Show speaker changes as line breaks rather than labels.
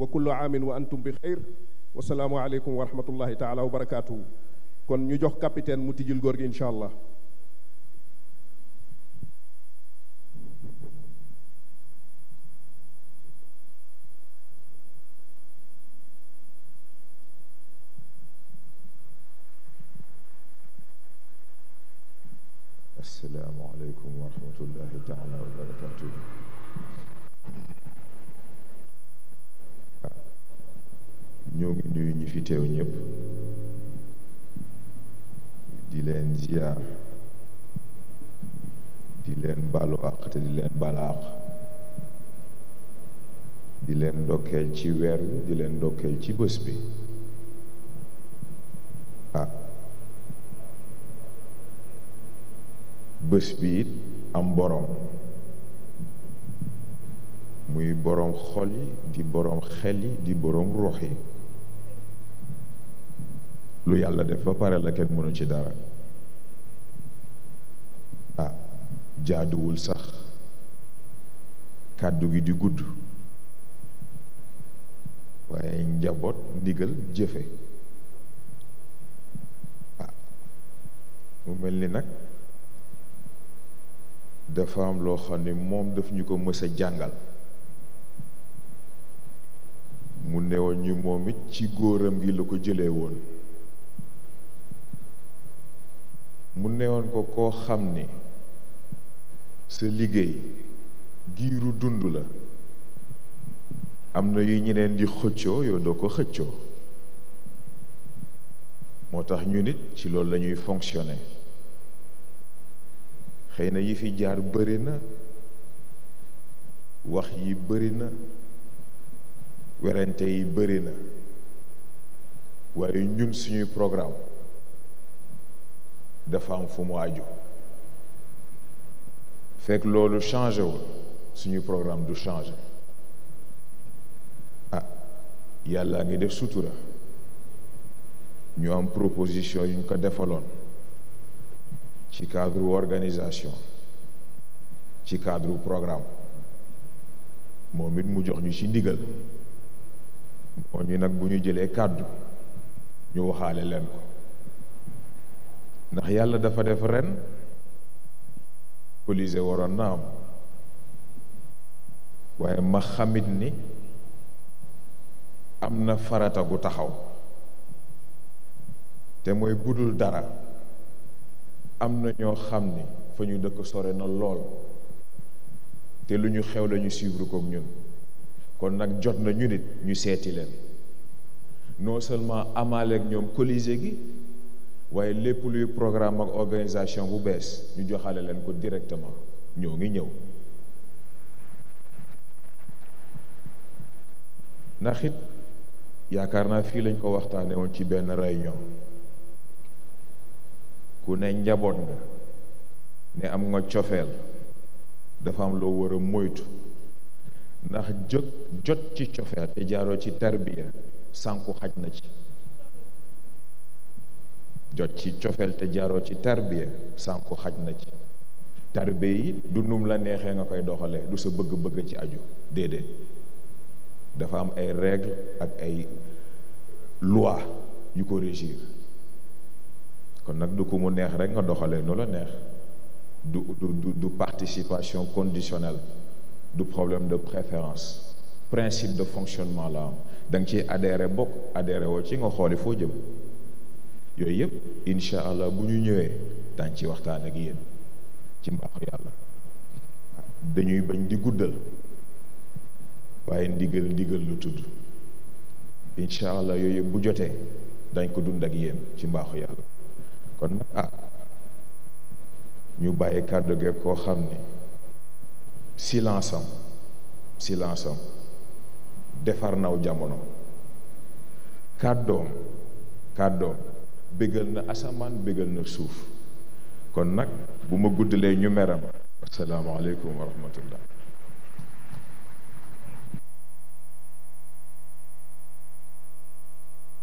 wa kullu aamin wa antum bi xeyr wasalaamu aleykum wa rahmatullahi taala wa barakaatuhu kon ñu jox capitaine mu tijjil góor gi incha ñi fi teew ñëpp di leen ziar di leen baalu àq te di leen baal di leen ndokkeel ci weer wi di leen ndokkeel ci bés bi ah bi am boroom muy boroom xol yi di boroom xel yi di boroom ruux yi lu yàlla def ba pare la kenn mënu ci dara ah jaaduwul sax kàddu gi di gudd waaye njaboot ndigal jëfe ah mu mel ni nag dafa am loo xam ne moom daf ñu ko mës jàngal mu newoon ñu moom ci góoram gi lu ko jële woon mu newoon ko koo xam ni sa liggéey giiru dund la am na yu ñeneen di xëccoo yow doo ko xëccoo moo tax ñu nit ci loolu lañuy fonctionner xëy na yi fi jaar bëri na wax yi bëri na werante yi bëri na waaye ñun suñuy programme dafa am fu mu aju fekk loolu changé wul suñu programme du changé ah yàlla ngi def sutura ñu am proposition yu ñu ko defaloon ci cadre organisation ci cadre programme moom it mu jox ñu ci ndigal moo ñu nag bu ñu jëlee kàddu ñu waxaale leen ko ndax yàlla dafa def ren polise waroon na am waaye ma xamit ni am na farata gu taxaw te mooy budul dara am na ñoo xam ni fa ñu dëkk sore na lool te lu ñu xew lañu suivre comme ñun kon nag jot na ñu nit ñu seeti leen noo seulement amaaleeg ñoom colisée gi waaye lépp luy programme ak organisation bu bees ñu joxale leen ko directement ñoo ngi ñëw ndax it yaakaar naa fii lañ ko waxtaane woon ci benn réunion ku ne njaboot nga ne am nga cofeel dafa am loo war a moytu ndax jóg jot ci cofeel te jaaroo ci tarbiya sànku xaj na ci jot ci cofeel te jaaroo ci tarbiya sànku xaj na ci tarbiya yi du num la neexee nga koy doxalee du sa bëgg-bëgg ci aju déedéet dafa am ay règle ak ay loi yu ko régir kon nag du ko mu neex rek nga doxalee nu la neex du du du participation conditionnelle du problème de préférence principe de fonctionnement la am da nga ciy adhéré bokk adhéré woo ci nga xooli foo jëm yooyu yëpp incha allah bu ñu ñëwee daañ ci waxtaan ak yéen ci mbaaxu yàlla dañuy bañ di guddal waaye ndigal ndigal lu tudd incha allah yooyu yëpp bu jotee dañ ko dund ak yéen ci mbaaxu yàlla kon nag ah ñu bàyyi kàddu ge koo xam ne silence am defar naw jamono kàddoom kàddoom bégal na asamaan bégal na suuf kon nag bu ma guddalee ñu meram asalaamaaleykum wa rahmatullah